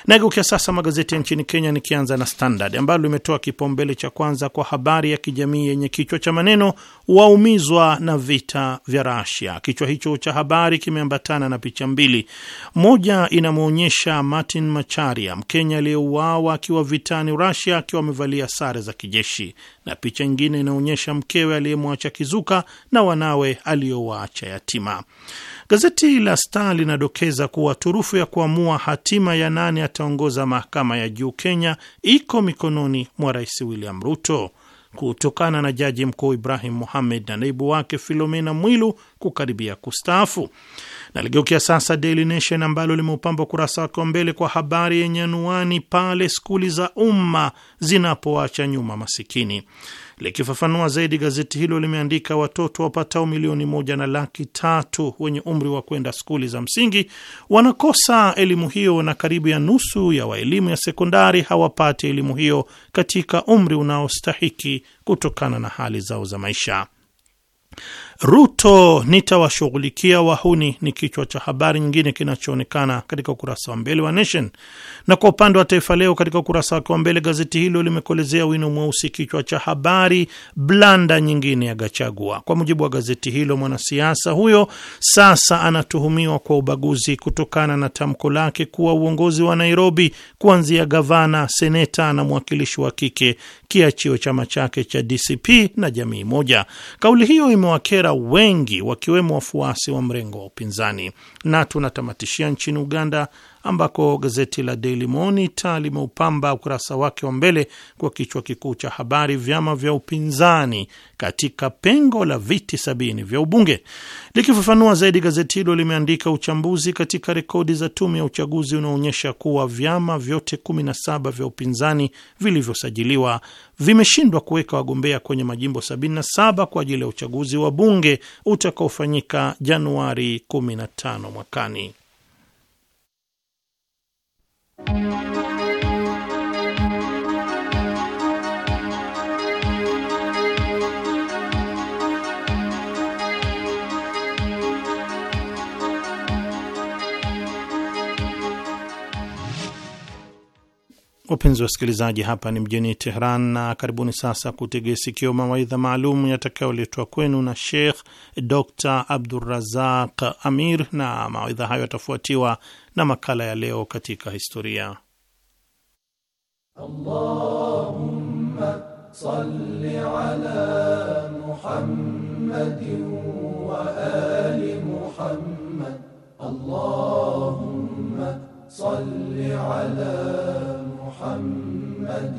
Nageukia sasa magazeti ya nchini Kenya, nikianza na Standard ambalo limetoa kipaumbele cha kwanza kwa habari ya kijamii yenye kichwa cha maneno waumizwa na vita vya Rasia. Kichwa hicho cha habari kimeambatana na picha mbili, moja inamwonyesha Martin Macharia, Mkenya aliyeuawa akiwa vitani Rasia akiwa amevalia sare za kijeshi, na picha nyingine inaonyesha mkewe aliyemwacha kizuka na wanawe aliyowaacha yatima. Gazeti la Star linadokeza kuwa turufu ya kuamua hatima ya nane ataongoza mahakama ya juu Kenya iko mikononi mwa Rais William Ruto kutokana na jaji mkuu Ibrahim Mohamed na naibu wake Filomena Mwilu kukaribia kustaafu. Na ligeukia sasa Daily Nation ambalo limeupamba ukurasa wake wa mbele kwa habari yenye anuani pale skuli za umma zinapoacha nyuma masikini. Likifafanua zaidi, gazeti hilo limeandika watoto wapatao milioni moja na laki tatu wenye umri wa kwenda skuli za msingi wanakosa elimu hiyo na karibu ya nusu ya waelimu ya sekondari hawapati elimu hiyo katika umri unaostahiki kutokana na hali zao za maisha. Ruto nitawashughulikia wahuni ni kichwa cha habari nyingine kinachoonekana katika ukurasa wa mbele wa Nation, na kwa upande wa Taifa Leo katika ukurasa wake wa mbele gazeti hilo limekolezea wino mweusi kichwa cha habari, blanda nyingine ya Gachagua. Kwa mujibu wa gazeti hilo, mwanasiasa huyo sasa anatuhumiwa kwa ubaguzi kutokana na tamko lake kuwa uongozi wa Nairobi, kuanzia gavana, seneta na mwakilishi wa kike kiachio chama chake cha DCP na jamii moja. Kauli hiyo imewakera wengi, wakiwemo wafuasi wa mrengo wa upinzani. Na tunatamatishia nchini Uganda ambako gazeti la Daily Monitor limeupamba ukurasa wake wa mbele kwa kichwa kikuu cha habari, vyama vya upinzani katika pengo la viti sabini vya ubunge. Likifafanua zaidi, gazeti hilo limeandika uchambuzi katika rekodi za tume ya uchaguzi unaonyesha kuwa vyama vyote 17 vya upinzani vilivyosajiliwa vimeshindwa kuweka wagombea kwenye majimbo 77 kwa ajili ya uchaguzi wa bunge utakaofanyika Januari 15 mwakani. Thank you. Wapenzi wasikilizaji, hapa ni mjini Tehran na karibuni sasa kutegea sikio mawaidha maalum yatakayoletwa kwenu na Sheikh Dr Abdurazaq Amir, na mawaidha hayo yatafuatiwa na makala ya leo katika historia. Allahumma salli ala Muhammadin wa ali Muhammad. Allahumma salli ala محمد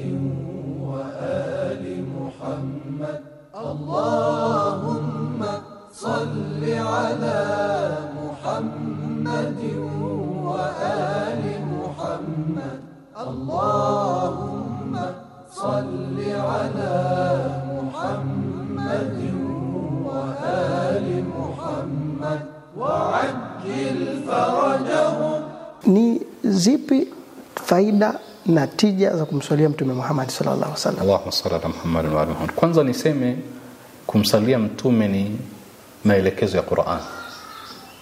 وآل محمد اللهم صل على محمد وآل محمد اللهم صل على محمد وآل محمد وعجل فرجهم ني زيبي faida na tija za kumswalia Mtume Muhammad sallallahu alaihi wasallam. Allahumma salli ala Muhammad wa ali Muhammad. Kwanza niseme kumsalia mtume ni maelekezo ya Qur'an.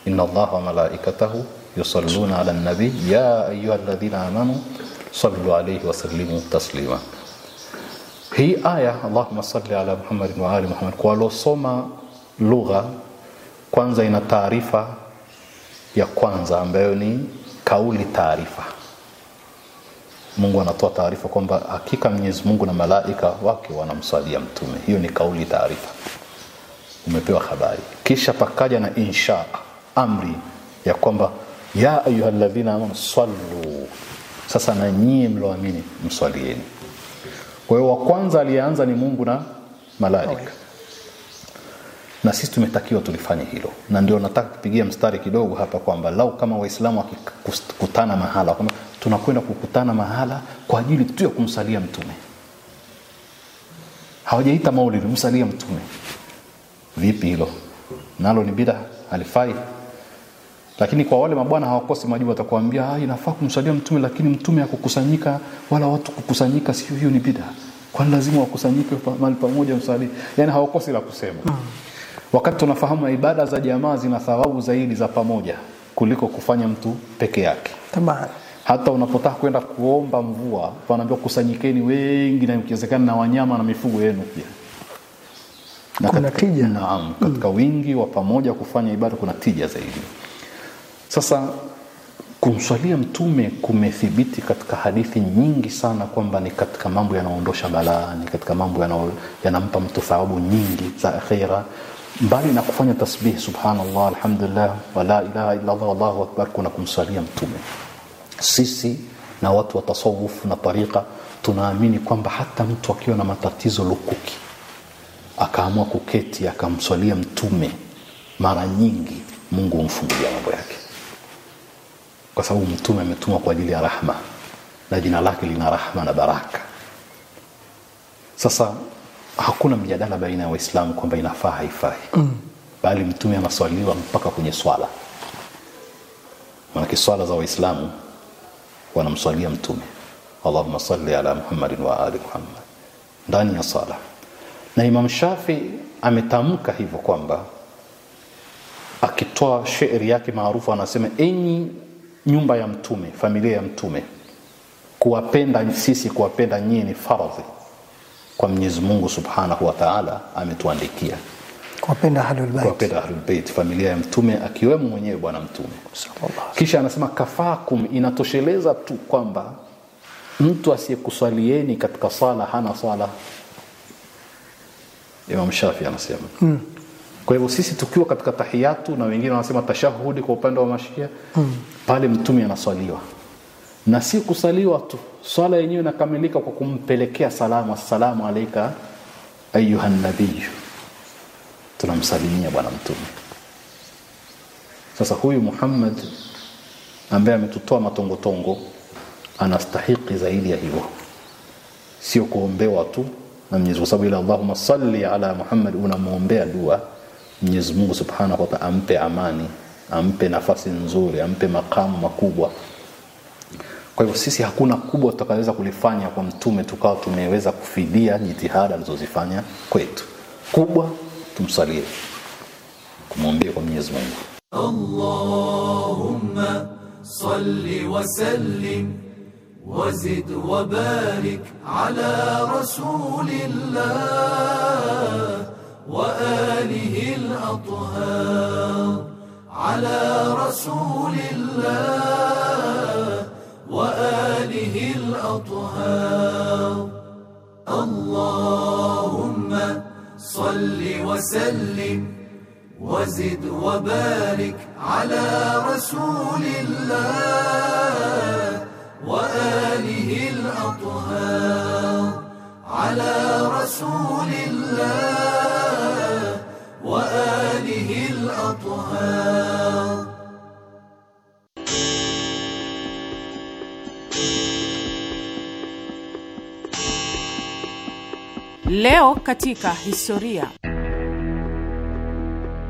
Inna Allaha wa malaikatahu yusalluna ala nabi ya ayyuhalladhina amanu sallu alayhi wa sallimu taslima. Hii aya Allahumma salli ala Muhammad wa ali Muhammad kwa losoma lugha kwanza ina taarifa ya kwanza ambayo ni kauli taarifa Mungu anatoa taarifa kwamba hakika Mwenyezi Mungu na malaika wake wanamswalia mtume. Hiyo ni kauli, taarifa, umepewa habari. Kisha pakaja na insha, amri ya kwamba ya ayyuhalladhina amanu sallu, sasa na nyie mloamini mswalieni. Kwa hiyo wa kwanza aliyeanza ni Mungu na malaika na sisi tumetakiwa tulifanye hilo, na ndio nataka kupigia mstari kidogo hapa kwamba lau kama Waislamu wakikutana mahala kwamba tunakwenda kukutana mahala kwa ajili tu ya kumsalia Mtume, hawajaita maulidi msalia Mtume. Vipi hilo? Nalo ni bida, halifai. Lakini kwa wale mabwana hawakosi majibu, watakuambia ah, inafaa kumsalia Mtume, lakini Mtume akukusanyika wala watu kukusanyika, sio hiyo ni bida kwani lazima wakusanyike mahali pamoja msalii Yani hawakosi la kusema mm wakati tunafahamu ibada za jamaa zina thawabu zaidi za pamoja kuliko kufanya mtu peke yake Tabana. hata unapotaka kwenda kuomba mvua panaambiwa kusanyikeni wengi na ikiwezekana na wanyama na mifugo yenu pia na kuna katika, tija naam mm. katika mm. wingi wa pamoja kufanya ibada kuna tija zaidi sasa kumswalia mtume kumethibiti katika hadithi nyingi sana kwamba ni katika mambo yanaondosha balaa ni katika mambo yanampa mtu thawabu nyingi za akhira mbali na kufanya tasbih subhanallah alhamdulillah wala ilaha allah wallahu akbar kuna kumsalia mtume sisi na watu wa tasawuf na tarika tunaamini kwamba hata mtu akiwa na matatizo lukuki akaamua kuketi akamswalia mtume mara nyingi mungu humfungulia mambo yake kwa sababu mtume ametumwa kwa ajili ya rahma na jina lake lina rahma na baraka sasa hakuna mjadala baina ya Waislamu kwamba inafaa haifai mm. bali Mtume anaswaliwa mpaka kwenye swala, maanake swala za Waislamu wanamswalia Mtume, allahuma salli ala Muhammadin wa ali Muhammad, ndani ya swala. Na Imam Shafi ametamka hivyo kwamba akitoa shairi yake maarufu anasema, enyi nyumba ya Mtume, familia ya Mtume, kuwapenda sisi, kuwapenda nyie ni faradhi kwa Mwenyezi Mungu Subhanahu wa Ta'ala ametuandikia kuwapenda Ahlul Bait, kuwapenda Ahlul Bait, familia ya Mtume akiwemo mwenyewe Bwana Mtume. Kisha anasema kafakum, inatosheleza tu kwamba mtu asiyekuswalieni katika sala hana sala. Imam Shafi anasema mm. Kwa hivyo sisi tukiwa katika tahiyatu na wengine wanasema tashahudi kwa upande wa mashia mm. Pale mtume anaswaliwa na si kusaliwa tu swala yenyewe inakamilika kwa kumpelekea salamu assalamu alaika ayuha nabiyu, tunamsalimia bwana mtume sasa huyu Muhammad ambaye ametutoa matongotongo anastahiki zaidi ya hivyo sio kuombewa tu na Mwenyezi Mungu sababu Allahumma salli ala Muhammad unamwombea dua Mwenyezi Mungu Subhanahu wa ta'ala ampe amani ampe nafasi nzuri ampe makamu makubwa kwa hivyo sisi hakuna kubwa tutakaweza kulifanya kwa mtume tukawa tumeweza kufidia jitihada alizozifanya kwetu. Kubwa tumsalie, kumwombea kwa Mwenyezi Mungu. Allahumma salli wa sallim wazid wa barik ala rasulillah wa alihi al-athhar ala rasulillah وآله الأطهار اللهم صل وسلم وزد وبارك على رسول الله وآله الأطهار على رسول الله وآله الأطهار Leo katika historia.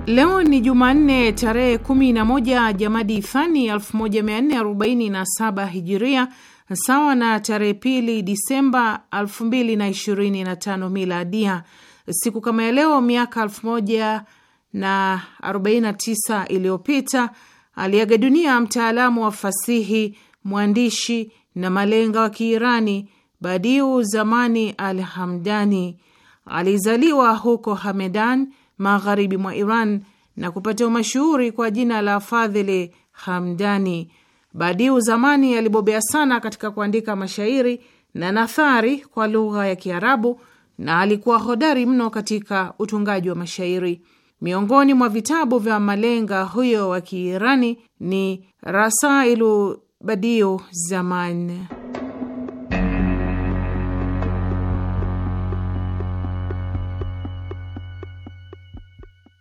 Leo ni Jumanne tarehe 11 Jamadi Thani 1447 Hijiria, sawa na tarehe pili Disemba 2025 Miladia. Siku kama ya leo miaka 1049 iliyopita aliaga dunia mtaalamu wa fasihi, mwandishi na malenga wa Kiirani Badiu Zamani al Hamdani alizaliwa huko Hamedan, magharibi mwa Iran, na kupata umashuhuri kwa jina la Fadhili Hamdani. Badiu Zamani alibobea sana katika kuandika mashairi na nathari kwa lugha ya Kiarabu na alikuwa hodari mno katika utungaji wa mashairi. Miongoni mwa vitabu vya malenga huyo wa Kiirani ni Rasailu Badiu Zaman.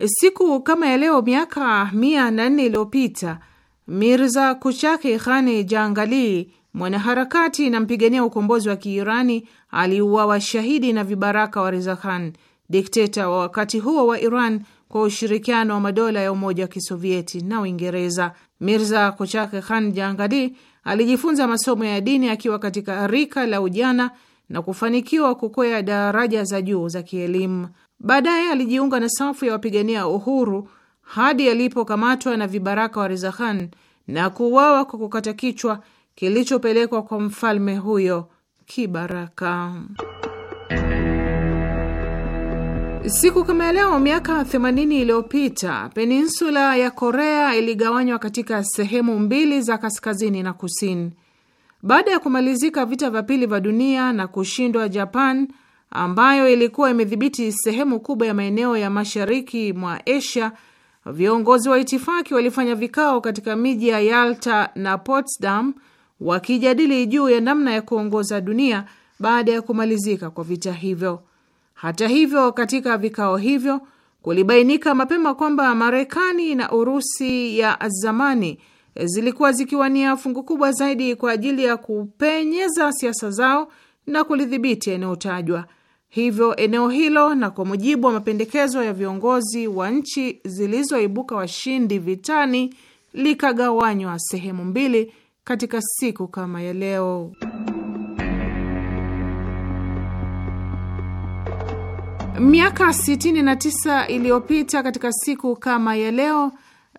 Siku kama ya leo miaka mia na nne iliyopita Mirza Kuchake Khani Jangali, mwanaharakati na mpigania ukombozi wa Kiirani, aliuawa shahidi na vibaraka wa Reza Khan, dikteta wa wakati huo wa Iran, kwa ushirikiano wa madola ya Umoja wa Kisovieti na Uingereza. Mirza Kuchake Khan Jangali alijifunza masomo ya dini akiwa katika rika la ujana na kufanikiwa kukwea daraja za juu za kielimu. Baadaye alijiunga na safu ya wapigania uhuru hadi alipokamatwa na vibaraka wa Reza Khan na kuuawa kwa kukata kichwa kilichopelekwa kwa mfalme huyo kibaraka. Siku kama leo miaka 80 iliyopita peninsula ya Korea iligawanywa katika sehemu mbili za kaskazini na kusini. Baada ya kumalizika vita vya pili vya dunia na kushindwa Japan ambayo ilikuwa imedhibiti sehemu kubwa ya maeneo ya mashariki mwa Asia, viongozi wa itifaki walifanya vikao katika miji ya Yalta na Potsdam wakijadili juu ya namna ya kuongoza dunia baada ya kumalizika kwa vita hivyo. Hata hivyo, katika vikao hivyo kulibainika mapema kwamba Marekani na Urusi ya zamani zilikuwa zikiwania fungu kubwa zaidi kwa ajili ya kupenyeza siasa zao na kulidhibiti eneo tajwa. Hivyo eneo hilo, na kwa mujibu wa mapendekezo ya viongozi wa nchi zilizoibuka washindi vitani, likagawanywa sehemu mbili katika siku kama ya leo. Miaka 69 iliyopita katika siku kama ya leo,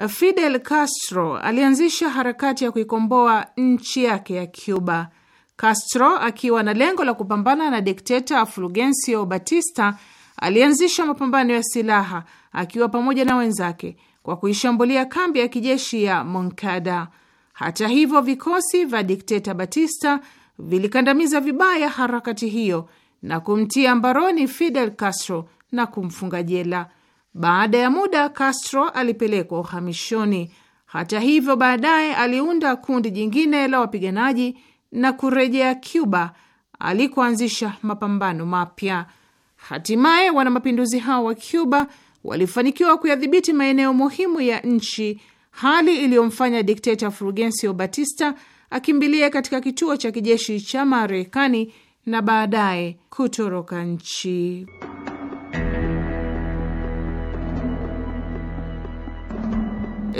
Fidel Castro alianzisha harakati ya kuikomboa nchi yake ya Cuba. Castro akiwa na lengo la kupambana na dikteta Fulgencio Batista alianzisha mapambano ya silaha akiwa pamoja na wenzake kwa kuishambulia kambi ya kijeshi ya Moncada. Hata hivyo, vikosi vya dikteta Batista vilikandamiza vibaya harakati hiyo na kumtia mbaroni Fidel Castro na kumfunga jela. Baada ya muda, Castro alipelekwa uhamishoni. Hata hivyo, baadaye aliunda kundi jingine la wapiganaji na kurejea Cuba alikoanzisha mapambano mapya. Hatimaye wanamapinduzi hao wa Cuba walifanikiwa kuyadhibiti maeneo muhimu ya nchi, hali iliyomfanya dikteta Fulgencio Batista akimbilia katika kituo cha kijeshi cha Marekani na baadaye kutoroka nchi.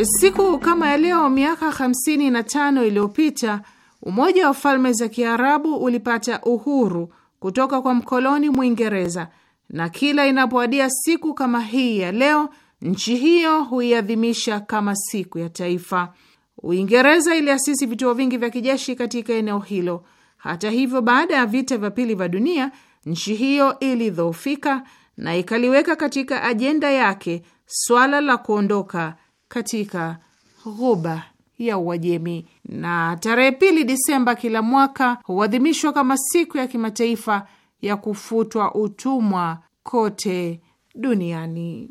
Siku kama ya leo miaka 55 iliyopita Umoja wa Falme za Kiarabu ulipata uhuru kutoka kwa mkoloni Mwingereza, na kila inapoadia siku kama hii ya leo, nchi hiyo huiadhimisha kama siku ya taifa. Uingereza iliasisi vituo vingi vya kijeshi katika eneo hilo. Hata hivyo, baada ya vita vya pili vya dunia, nchi hiyo ilidhoofika na ikaliweka katika ajenda yake swala la kuondoka katika ghuba ya Uajemi. Na tarehe pili Disemba kila mwaka huadhimishwa kama siku ya kimataifa ya kufutwa utumwa kote duniani.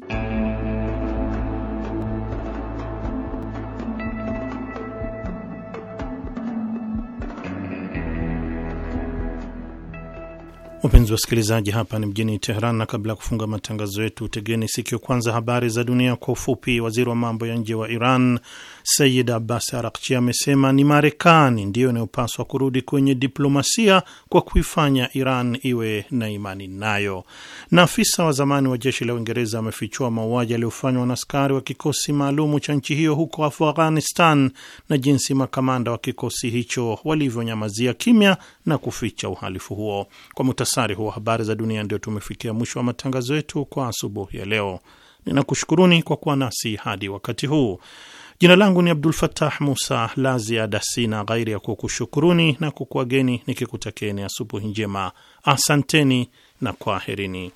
Wapenzi wasikilizaji, hapa ni mjini Teheran, na kabla ya kufunga matangazo yetu, tegeni sikio kwanza habari za dunia kwa ufupi. Waziri wa mambo ya nje wa Iran Sayid Abbas Arakchi amesema ni Marekani ndiyo inayopaswa kurudi kwenye diplomasia kwa kuifanya Iran iwe na imani nayo. Na afisa wa zamani wa jeshi la Uingereza amefichua mauaji yaliyofanywa na askari wa kikosi maalumu cha nchi hiyo huko Afghanistan na jinsi makamanda wa kikosi hicho walivyonyamazia kimya na kuficha uhalifu huo. Kwa muhtasari huo habari za dunia, ndio tumefikia mwisho wa matangazo yetu kwa asubuhi ya leo. Ninakushukuruni kwa kuwa nasi hadi wakati huu. Jina langu ni Abdul Fatah Musa. La ziada sina ghairi ya kukushukuruni na kukuageni nikikutakeni asubuhi njema. Asanteni na kwaherini.